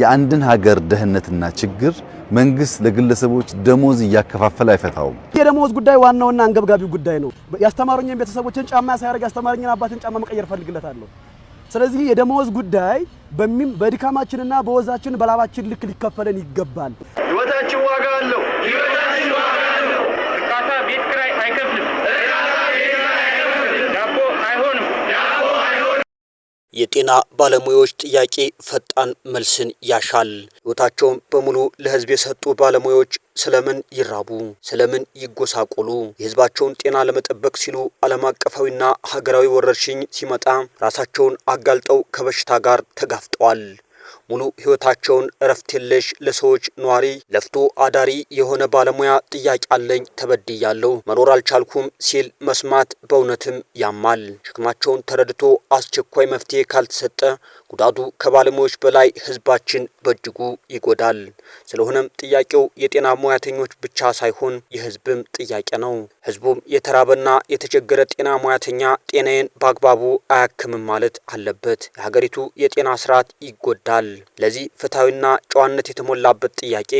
የአንድን ሀገር ደህንነትና ችግር መንግስት ለግለሰቦች ደሞዝ እያከፋፈለ አይፈታውም። የደሞዝ ጉዳይ ዋናውና አንገብጋቢው ጉዳይ ነው። ያስተማሩኝን ቤተሰቦችን ጫማ ሳያደርግ ያስተማሩኝን አባትን ጫማ መቀየር ፈልግለታለሁ። ስለዚህ የደሞዝ ጉዳይ በድካማችንና በወዛችን በላባችን ልክ ሊከፈለን ይገባል። ህይወታችን ዋጋ አለው። የጤና ባለሙያዎች ጥያቄ ፈጣን መልስን ያሻል። ሕይወታቸውን በሙሉ ለሕዝብ የሰጡ ባለሙያዎች ስለምን ይራቡ? ስለምን ይጎሳቆሉ? የሕዝባቸውን ጤና ለመጠበቅ ሲሉ ዓለም አቀፋዊና ሀገራዊ ወረርሽኝ ሲመጣ ራሳቸውን አጋልጠው ከበሽታ ጋር ተጋፍጠዋል። ሙሉ ህይወታቸውን እረፍት የለሽ ለሰዎች ነዋሪ ለፍቶ አዳሪ የሆነ ባለሙያ ጥያቄ አለኝ፣ ተበድያለሁ፣ መኖር አልቻልኩም ሲል መስማት በእውነትም ያማል። ሸክማቸውን ተረድቶ አስቸኳይ መፍትሄ ካልተሰጠ ጉዳቱ ከባለሙያዎች በላይ ህዝባችን በእጅጉ ይጎዳል። ስለሆነም ጥያቄው የጤና ሙያተኞች ብቻ ሳይሆን የህዝብም ጥያቄ ነው። ህዝቡም የተራበና የተቸገረ ጤና ሙያተኛ ጤናዬን በአግባቡ አያክምም ማለት አለበት። የሀገሪቱ የጤና ስርዓት ይጎዳል። ይሆናል። ለዚህ ፍትሐዊና ጨዋነት የተሞላበት ጥያቄ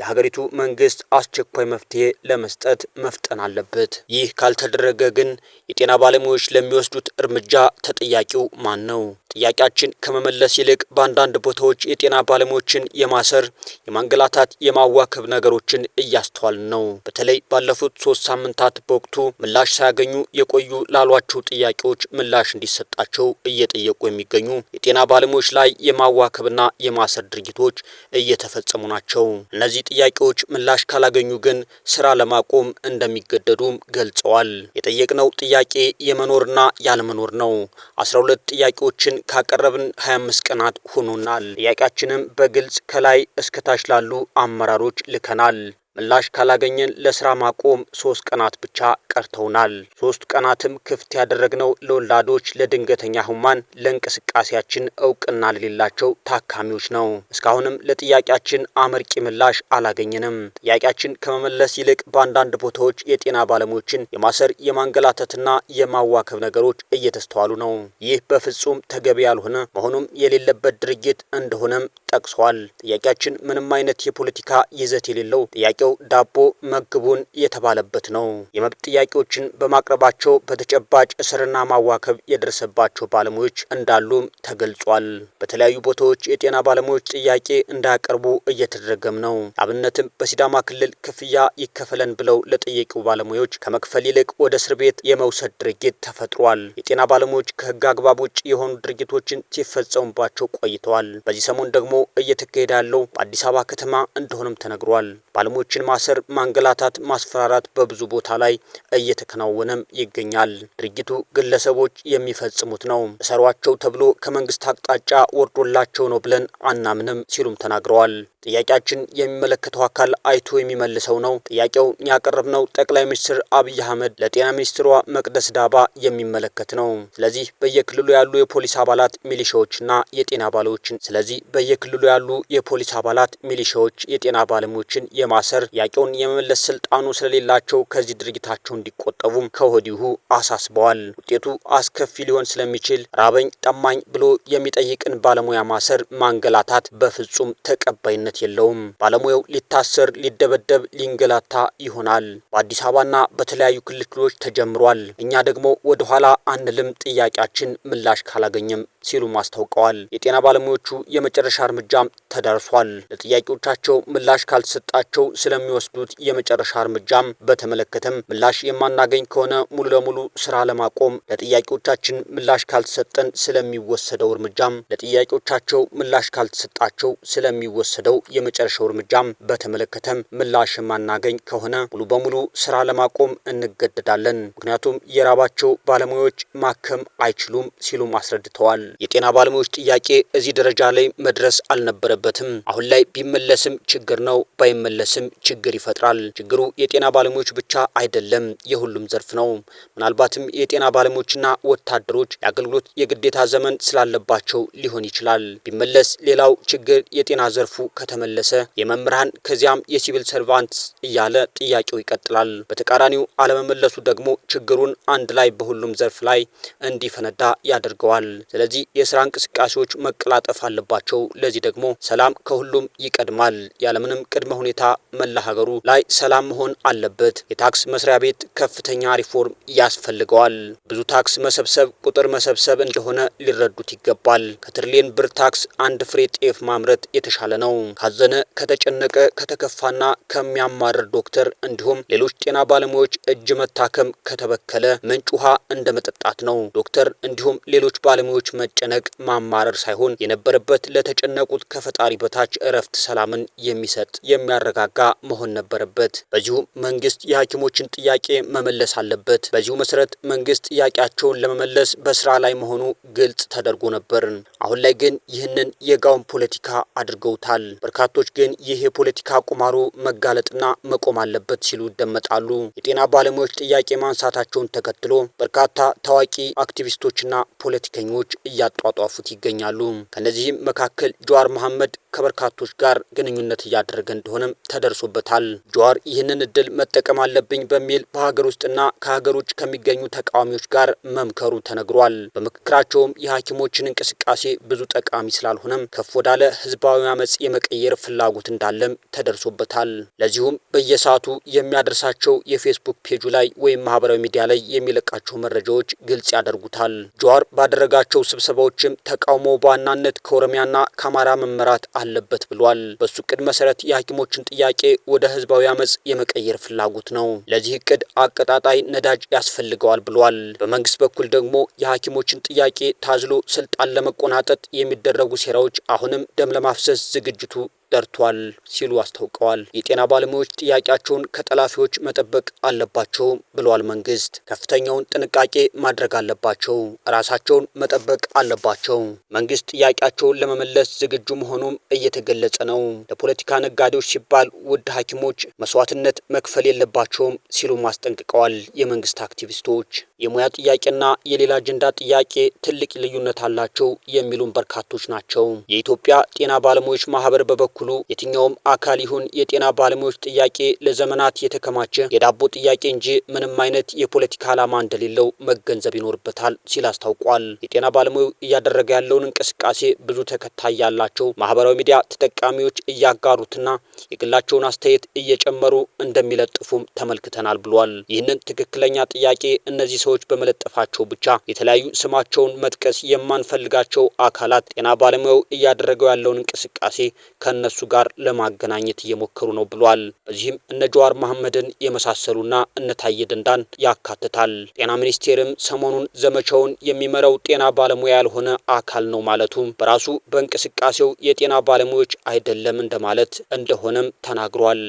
የሀገሪቱ መንግስት አስቸኳይ መፍትሄ ለመስጠት መፍጠን አለበት። ይህ ካልተደረገ ግን የጤና ባለሙያዎች ለሚወስዱት እርምጃ ተጠያቂው ማን ነው? ጥያቄያችን ከመመለስ ይልቅ በአንዳንድ ቦታዎች የጤና ባለሙያዎችን የማሰር የማንገላታት፣ የማዋከብ ነገሮችን እያስተዋልን ነው። በተለይ ባለፉት ሶስት ሳምንታት በወቅቱ ምላሽ ሳያገኙ የቆዩ ላሏቸው ጥያቄዎች ምላሽ እንዲሰጣቸው እየጠየቁ የሚገኙ የጤና ባለሙያዎች ላይ የማዋከብ የማዋከብና የማሰር ድርጊቶች እየተፈጸሙ ናቸው። እነዚህ ጥያቄዎች ምላሽ ካላገኙ ግን ስራ ለማቆም እንደሚገደዱም ገልጸዋል። የጠየቅነው ጥያቄ የመኖርና ያለመኖር ነው። 12 ጥያቄዎችን ካቀረብን 25 ቀናት ሆኖናል። ጥያቄያችንም በግልጽ ከላይ እስከታች ላሉ አመራሮች ልከናል። ምላሽ ካላገኘን ለስራ ማቆም ሶስት ቀናት ብቻ ቀርተውናል። ሶስት ቀናትም ክፍት ያደረግነው ለወላዶች፣ ለድንገተኛ ህሙማን፣ ለእንቅስቃሴያችን እውቅና ለሌላቸው ታካሚዎች ነው። እስካሁንም ለጥያቄያችን አመርቂ ምላሽ አላገኘንም። ጥያቄያችን ከመመለስ ይልቅ በአንዳንድ ቦታዎች የጤና ባለሙያዎችን የማሰር የማንገላተትና የማዋከብ ነገሮች እየተስተዋሉ ነው። ይህ በፍጹም ተገቢ ያልሆነ መሆኑም የሌለበት ድርጊት እንደሆነም ጠቅሰዋል። ጥያቄያችን ምንም አይነት የፖለቲካ ይዘት የሌለው ጥያቄው ዳቦ መግቡን የተባለበት ነው። የመብት ጥያቄዎችን በማቅረባቸው በተጨባጭ እስርና ማዋከብ የደረሰባቸው ባለሙያዎች እንዳሉም ተገልጿል። በተለያዩ ቦታዎች የጤና ባለሙያዎች ጥያቄ እንዳያቀርቡ እየተደረገም ነው። አብነትም በሲዳማ ክልል ክፍያ ይከፈለን ብለው ለጠየቁ ባለሙያዎች ከመክፈል ይልቅ ወደ እስር ቤት የመውሰድ ድርጊት ተፈጥሯል። የጤና ባለሙያዎች ከህግ አግባብ ውጭ የሆኑ ድርጊቶችን ሲፈጸሙባቸው ቆይተዋል። በዚህ ሰሞን ደግሞ እየተካሄደ ያለው በአዲስ አበባ ከተማ እንደሆነም ተነግሯል። ባለሞችን ማሰር፣ ማንገላታት፣ ማስፈራራት በብዙ ቦታ ላይ እየተከናወነም ይገኛል። ድርጊቱ ግለሰቦች የሚፈጽሙት ነው። እሰሯቸው ተብሎ ከመንግስት አቅጣጫ ወርዶላቸው ነው ብለን አናምንም ሲሉም ተናግረዋል። ጥያቄያችን የሚመለከተው አካል አይቶ የሚመልሰው ነው። ጥያቄውን ያቀረብነው ጠቅላይ ሚኒስትር አብይ አህመድ ለጤና ሚኒስትሯ መቅደስ ዳባ የሚመለከት ነው። ስለዚህ በየክልሉ ያሉ የፖሊስ አባላት ሚሊሻዎችና የጤና ባለሙያዎችን ስለዚህ በየክልሉ ያሉ የፖሊስ አባላት ሚሊሻዎች፣ የጤና ባለሙያዎችን የማሰር ጥያቄውን የመመለስ ስልጣኑ ስለሌላቸው ከዚህ ድርጊታቸው እንዲቆጠቡም ከወዲሁ አሳስበዋል። ውጤቱ አስከፊ ሊሆን ስለሚችል ራበኝ ጠማኝ ብሎ የሚጠይቅን ባለሙያ ማሰር፣ ማንገላታት በፍጹም ተቀባይነት ተገቢነት የለውም። ባለሙያው ሊታሰር፣ ሊደበደብ፣ ሊንገላታ ይሆናል። በአዲስ አበባና በተለያዩ ክልል ክልሎች ተጀምሯል። እኛ ደግሞ ወደ ኋላ አንልም፣ ጥያቄያችን ምላሽ ካላገኘም ሲሉም አስታውቀዋል። የጤና ባለሙያዎቹ የመጨረሻ እርምጃም ተዳርሷል። ለጥያቄዎቻቸው ምላሽ ካልተሰጣቸው ስለሚወስዱት የመጨረሻ እርምጃም በተመለከተም ምላሽ የማናገኝ ከሆነ ሙሉ ለሙሉ ስራ ለማቆም ለጥያቄዎቻችን ምላሽ ካልተሰጠን ስለሚወሰደው እርምጃም ለጥያቄዎቻቸው ምላሽ ካልተሰጣቸው ስለሚወሰደው የመጨረሻው እርምጃም በተመለከተም ምላሽ የማናገኝ ከሆነ ሙሉ በሙሉ ስራ ለማቆም እንገደዳለን፣ ምክንያቱም የራባቸው ባለሙያዎች ማከም አይችሉም ሲሉም አስረድተዋል። የጤና ባለሙያዎች ጥያቄ እዚህ ደረጃ ላይ መድረስ አልነበረበትም። አሁን ላይ ቢመለስም ችግር ነው፣ ባይመለስም ችግር ይፈጥራል። ችግሩ የጤና ባለሙያዎች ብቻ አይደለም፣ የሁሉም ዘርፍ ነው። ምናልባትም የጤና ባለሙያዎችና ወታደሮች የአገልግሎት የግዴታ ዘመን ስላለባቸው ሊሆን ይችላል። ቢመለስ ሌላው ችግር የጤና ዘርፉ ከተ ተመለሰ የመምህራን ከዚያም የሲቪል ሰርቫንት እያለ ጥያቄው ይቀጥላል። በተቃራኒው አለመመለሱ ደግሞ ችግሩን አንድ ላይ በሁሉም ዘርፍ ላይ እንዲፈነዳ ያደርገዋል። ስለዚህ የስራ እንቅስቃሴዎች መቀላጠፍ አለባቸው። ለዚህ ደግሞ ሰላም ከሁሉም ይቀድማል። ያለምንም ቅድመ ሁኔታ መላ ሀገሩ ላይ ሰላም መሆን አለበት። የታክስ መስሪያ ቤት ከፍተኛ ሪፎርም ያስፈልገዋል። ብዙ ታክስ መሰብሰብ ቁጥር መሰብሰብ እንደሆነ ሊረዱት ይገባል። ከትሪሊየን ብር ታክስ አንድ ፍሬ ጤፍ ማምረት የተሻለ ነው። ካዘነ፣ ከተጨነቀ፣ ከተከፋና ከሚያማርር ዶክተር እንዲሁም ሌሎች ጤና ባለሙያዎች እጅ መታከም ከተበከለ ምንጭ ውሃ እንደ መጠጣት ነው። ዶክተር እንዲሁም ሌሎች ባለሙያዎች መጨነቅ ማማረር ሳይሆን የነበረበት ለተጨነቁት ከፈጣሪ በታች እረፍት፣ ሰላምን የሚሰጥ የሚያረጋጋ መሆን ነበረበት። በዚሁ መንግስት የሐኪሞችን ጥያቄ መመለስ አለበት። በዚሁ መሰረት መንግስት ጥያቄያቸውን ለመመለስ በስራ ላይ መሆኑ ግልጽ ተደርጎ ነበር። አሁን ላይ ግን ይህንን የጋውን ፖለቲካ አድርገውታል። በርካቶች ግን ይህ የፖለቲካ ቁማሩ መጋለጥና መቆም አለበት ሲሉ ይደመጣሉ። የጤና ባለሙያዎች ጥያቄ ማንሳታቸውን ተከትሎ በርካታ ታዋቂ አክቲቪስቶችና ፖለቲከኞች እያጧጧፉት ይገኛሉ። ከእነዚህም መካከል ጀዋር መሐመድ ከበርካቶች ጋር ግንኙነት እያደረገ እንደሆነም ተደርሶበታል። ጀዋር ይህንን እድል መጠቀም አለብኝ በሚል በሀገር ውስጥና ከሀገር ውጭ ከሚገኙ ተቃዋሚዎች ጋር መምከሩ ተነግሯል። በምክክራቸውም የሐኪሞችን እንቅስቃሴ ብዙ ጠቃሚ ስላልሆነም ከፍ ወዳለ ህዝባዊ አመፅ የመቀ የመቀየር ፍላጎት እንዳለም ተደርሶበታል። ለዚሁም በየሰዓቱ የሚያደርሳቸው የፌስቡክ ፔጁ ላይ ወይም ማህበራዊ ሚዲያ ላይ የሚለቃቸው መረጃዎች ግልጽ ያደርጉታል። ጀዋር ባደረጋቸው ስብሰባዎችም ተቃውሞ በዋናነት ከኦሮሚያና ከአማራ መመራት አለበት ብሏል። በሱ እቅድ መሰረት የሐኪሞችን ጥያቄ ወደ ህዝባዊ አመፅ የመቀየር ፍላጎት ነው። ለዚህ እቅድ አቀጣጣይ ነዳጅ ያስፈልገዋል ብሏል። በመንግስት በኩል ደግሞ የሐኪሞችን ጥያቄ ታዝሎ ስልጣን ለመቆናጠጥ የሚደረጉ ሴራዎች አሁንም ደም ለማፍሰስ ዝግጅቱ ደርቷል ሲሉ አስታውቀዋል። የጤና ባለሙያዎች ጥያቄያቸውን ከጠላፊዎች መጠበቅ አለባቸው ብሏል መንግስት ከፍተኛውን ጥንቃቄ ማድረግ አለባቸው፣ ራሳቸውን መጠበቅ አለባቸው። መንግስት ጥያቄያቸውን ለመመለስ ዝግጁ መሆኑም እየተገለጸ ነው። ለፖለቲካ ነጋዴዎች ሲባል ውድ ሐኪሞች መስዋዕትነት መክፈል የለባቸውም ሲሉ አስጠንቅቀዋል። የመንግስት አክቲቪስቶች የሙያ ጥያቄና የሌላ አጀንዳ ጥያቄ ትልቅ ልዩነት አላቸው የሚሉም በርካቶች ናቸው። የኢትዮጵያ ጤና ባለሙያዎች ማህበር በበኩል በበኩሉ የትኛውም አካል ይሁን የጤና ባለሙያዎች ጥያቄ ለዘመናት የተከማቸ የዳቦ ጥያቄ እንጂ ምንም አይነት የፖለቲካ ዓላማ እንደሌለው መገንዘብ ይኖርበታል ሲል አስታውቋል። የጤና ባለሙያው እያደረገ ያለውን እንቅስቃሴ ብዙ ተከታይ ያላቸው ማህበራዊ ሚዲያ ተጠቃሚዎች እያጋሩትና የግላቸውን አስተያየት እየጨመሩ እንደሚለጥፉም ተመልክተናል ብሏል። ይህንን ትክክለኛ ጥያቄ እነዚህ ሰዎች በመለጠፋቸው ብቻ የተለያዩ ስማቸውን መጥቀስ የማንፈልጋቸው አካላት ጤና ባለሙያው እያደረገው ያለውን እንቅስቃሴ ከነ ከእነሱ ጋር ለማገናኘት እየሞከሩ ነው ብሏል። በዚህም እነ ጀዋር መሐመድን የመሳሰሉና እነ ታዬ ደንዳን ያካትታል። ጤና ሚኒስቴርም ሰሞኑን ዘመቻውን የሚመራው ጤና ባለሙያ ያልሆነ አካል ነው ማለቱ በራሱ በእንቅስቃሴው የጤና ባለሙያዎች አይደለም እንደማለት እንደሆነም ተናግሯል።